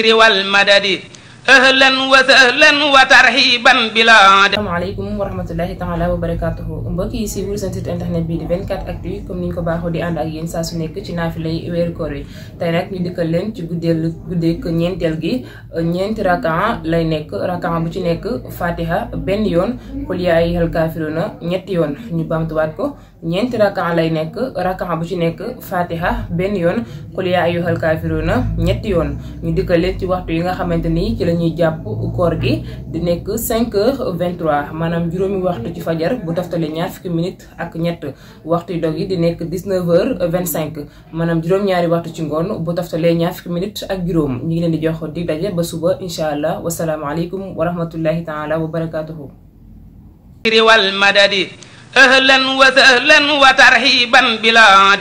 ذكر والمدد ahlan wa sahlan wa tarhiban bila asalaamaaleykum wa rahmatullahi taala wa barakaatuhu mbokk yi si wul seen site internet bii di 24 actu comme ni ñu ko baaxoo di ànd ak yéen saa su nekk ci naafila yi ci lay nekk rakan bu ci nekk benn yoon xul yaa ayyuhal kaafiruuna ñetti yoon ñu baamtuwaat ko ñeenti rakan lay nekk rakan bu ci nekk fatiha benn yoon xul yaa ayyuhal kaafiruuna ñetti leen ci waxtu yi nga xamante ni ci lañ ñuy jàpp koor gi di nekk 5 heures 23 maanaam juróomi waxtu ci fajar bu taftale ñaar fukki minutes ak ñett waxtu dog yi di nekk 19 heures 25 maanaam juróom-ñaari waxtu ci ngoon bu taftalee ñaar fukki minutes ak juróom ñu ngi leen di jox di daje ba suba incha allah wasalaamaaleykum wa rahmatullahi taala wa barakaatuhu riwal madadi ahlan wa sahlan wa tarhiban